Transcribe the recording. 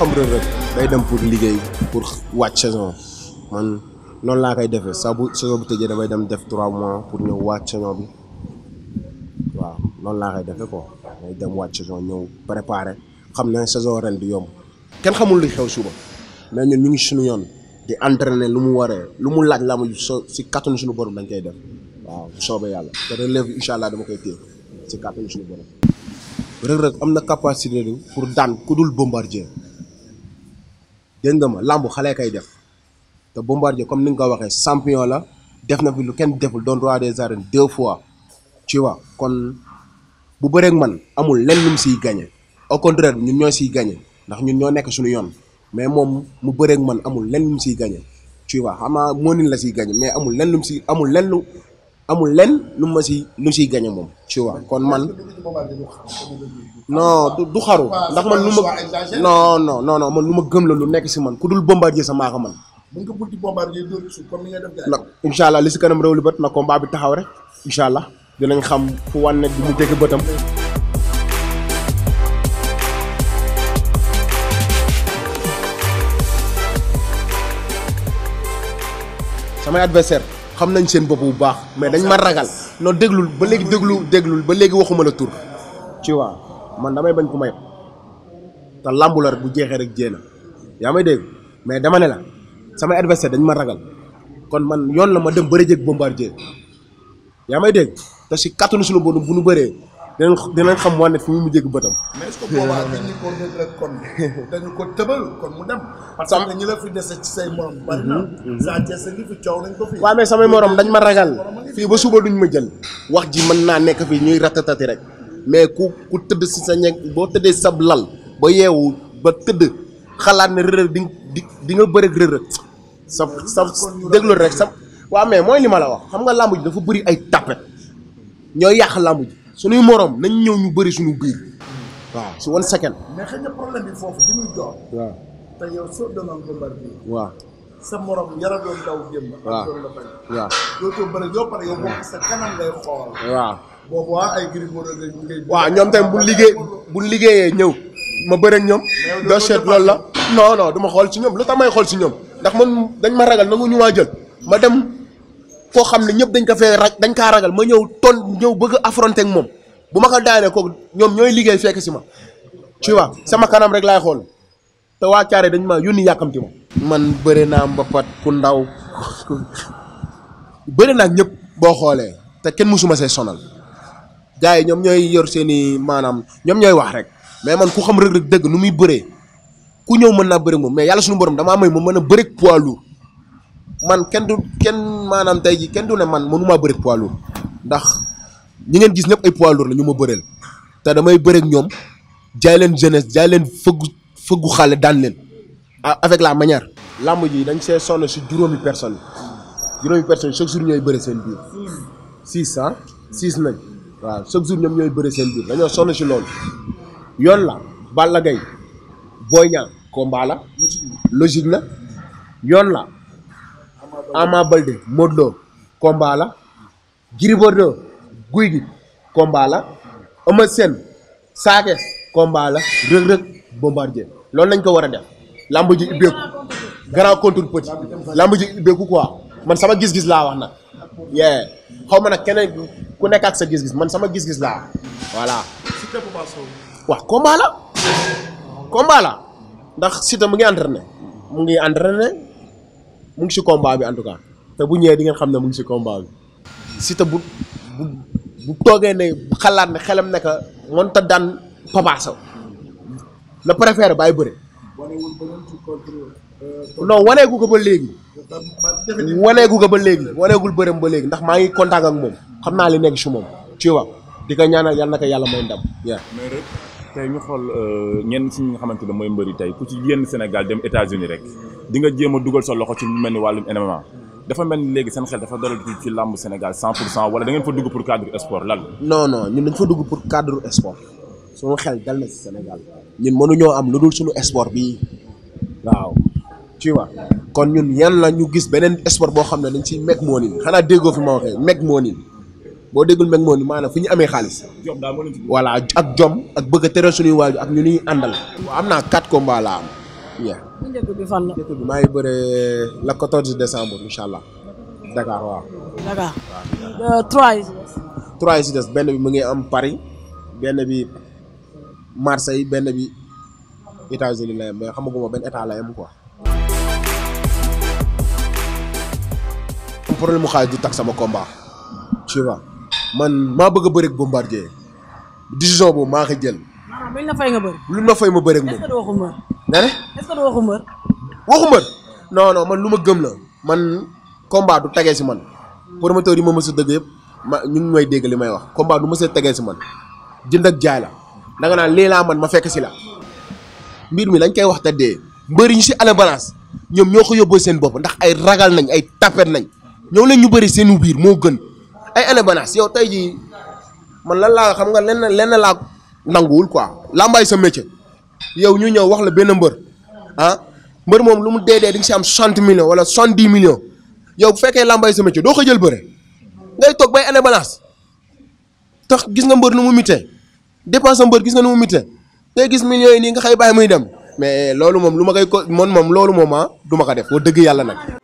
Comme rek day dem pour pour la saison man non la kay sa bu saison bu dem def un mois pour ñeu Je saison waaw non la kay ko day dem saison ñeu préparer saison ren du yomb ken xamul li xew suba mais ñu ngi suñu yoon di entraîner lu mu waré lu mu laaj la mu ci carton suñu borom dañ koy def waaw relève inshallah dama koy Je ci carton suñu borom. rek rek amna capacité pour daan kudul bombardier. dégg nga ma làmb xale kay def te Bombardier comme ni nga ko waxee champion la def na fi lu kenn deful doon roi des arènes deux fois tu vois kon bu bëreeg man amul lenn lu mu siy au contraire ñun ñoo siy gagné ndax ñun ñoo nekk suñu yoon mais moom mu bëreek man amul lenn lu mu siy gagné tu vois xam naa moo la siy gagné mais amul lenn lu mu siy amul lenn lu amul lenn lu ma si lu siy gañe moom tu vois kon man non du xaru ndax man lu ma non non non man lu ma gëm la lu nekk si man ku dul bombardier sa maa ko man nag incha allah li si kanam réew li bët ko combat bi taxaw rek incha allah dinañ xam fu wan nekk bi mu jege bëtam xam nañ seen bopp bu baax mais dañ ma ragal non déglul ba léegi déglu déglul ba léegi waxuma la tur ci waa man damay bañ ku may te làmbu rek bu jeexee rek jéena yaa may dégg mais dama ne la samay adversaire dañ ma ragal kon man yoon la ma dem bëri jëg bombardier yaa may dégg te si kattanu suñu bonu bu nu bëree dinañ dinañ xam wane fu mu mujjee bëtam. mais est-ce que boobaa dañ ñu ko que ñi la fi dese ci say morom. bari mm-hmm. Sa Thiès ngi fi ko fi. waaw mais samay morom dañ ma ragal fii ba suba duñ ma jël wax ji mën naa nekk fii ñuy ratatati rek mais ku ku tëdd si sa ñeg boo tëddee sab lal ba yeewu ba tëdd xalaat ne rërëg di di di nga bëreeg rërëg sa sa déglu rek sa waaw mais mooy li ma la wax xam nga làmb ji dafa bëri ay tapet ñoo yàq làmb ji. suñuy moroom nañ ñëw ñu bëri suñu biir waaw si one second. mais foofu bi muy door. waaw waaw sa morom yara doon daw jëm. waaw doon la bañ. waaw dootoo bëri yoo pare yow bokk sa waa ah, ay gris moo liggéey. waaw ñoom tamit bu liggéeyee ñëw ma bëri ak ñoom. doo seet loolu la. no non du xool si ñoom lu tax may xool si ñoom ndax man dañ ma ragal nangu ñu maa jël ma dem. foo xam ne ñëpp dañ ko fee raj dañ kaa ragal ma ñëw ton ñëw bëgg affronter moom bu ma ko daanee kooku ñoom ñooy liggéey fekke si ma ci vois sama kanam rek laay xool te waa Thiaré dañ ma yónni yàkkamti ma. man bëri naa mbapat ku ndaw bëri naa ñëpp boo xoolee te kenn mësuma see sonal gars yi ñoom ñooy yor seen i maanaam ñoom ñooy wax rek mais man ku xam Reug Reug dëgg nu muy bëree ku ñëw mën naa bëri moom mais yàlla suñu borom damaa may ma mën a bëri poids man kenn maanaam tey ji kenn du ne man mënumaa bëri poids ndax ñi ngeen gis ñëpp ay poids la ñu ma bëreel te damay bëreeg ñoom jaay leen jeunesse jaay leen fëggu fëggu xale daan leen a avec la manière. làmb ji dañ see sonn si juróomi personne juróomi personne chaque jour ñooy bëri seen biir six ah six nañ waaw chaque jour ñoom ñooy bëri seen biir dañoo sonn si loolu yoon la Balla Gaye Boy Niang combat la logique la yoon la. Ama Baldé Modou Lo combat la Gris Bordeaux Gouye Gui combat la Eumeu Sène Sa Thiès combat la Reug Reug loolu lañ ko war a def lamb ji ubbeeku grand contre petit lamb ji ubbeeku quoi man sama gis-gis laa wax na yee xaw ma nag keneen ku nekk sa gis-gis man sama gis-gis laa voilà. waaw combat ndax Siteu mu ngi entraîné mu ngi entraîné. mu ngi si combat bi en tout cas te bu ñëwee di ngeen xam ne mu ngi si combat bi. Siteu bu bu bu toogee ne xalaat ne xelam ne que mënta daan Papa Sow la préfère bàyyi bëri. non waneegu ko ba léegi. waneegu ko ba léegi waneegul bërëm ba léegi ndax maa ngi kontaan ak moom xam naa li nekk si moom. tu vois di ko ñaanal yàlla na ko yàlla may ndam. tey ñu xool euh, ñenn si ñi nga xamante ne mooy mbëri tey ku ci yenn Sénégal dem États-Unis rek di nga jéem a dugal sa loxo ci mu mel ni wàllum MMA dafa mel ni léegi seen xel dafa dalal ci ci làmb Sénégal 100 pour cent wala da ngeen fa dugg pour cadre sport lan. non non ñun dañ dugg pour cadre sport suñu xel dal na si Sénégal ñun mënuñoo am lu dul suñu sport bi waaw tu vois kon ñun yan la ñu gis beneen sport boo xam ne dañ ciy meg moonin xanaa déggoo fi ma waxee meg moonin boo déggul meg moom maanaam fu ñu amee xaalis voilà ak jom ak bëgg téré suñu waju ak ñu ñuy andal amna 4 quatre combats laa am yeah. njëkk bi fan la njëkk bi maa ngi bëre 14 décembre inshallah Dakar wa Dakar 3 3 des. benn bi mu ngi am Paris benn bi Marseille benn bi États-Unis la yem mais xamaguma ben état la yam quoi. problème mu xaalis tak sama combat tu vois. man maa bëgg a bëri ak bombardier décision boobu maa ko jël. maanaam luñ la fay ma bëri ak moom. est-ce que du man lu ma gëm la man combat du tegee si man. promoteur yi ma mës dëgg yëpp ma ñu ngi may dégg li may wax combat du mës a tegee si man jënd ak jaay la danga naa lii laa man ma fekk si la. mbir mi lañ koy wax te dee mbër ñu si ala balance ñoom ñoo ko yóbboo seen bopp ndax ay ragal nañ ay tapet nañ ñoo leen ñu bëri seenu biir moo gën. ay indépendance yow tay ji man lan la xam nga len len la nangul quoi lambay sa métier yow ñu ñew wax la benn mbeur han ah, mbeur mom lu mu dédé di nga am 60 millions wala 70 millions yow féké lambay sa métier do ko jël beuré ngay tok bay indépendance tax gis nga mbeur nu mu mité dépense mbeur gis nga nu mu mité tey gis millions yi nii nga xey bay muy dem mais lolu mom luma kay mon mom lolu moom loolu moom ah, ko def wa deug yalla nak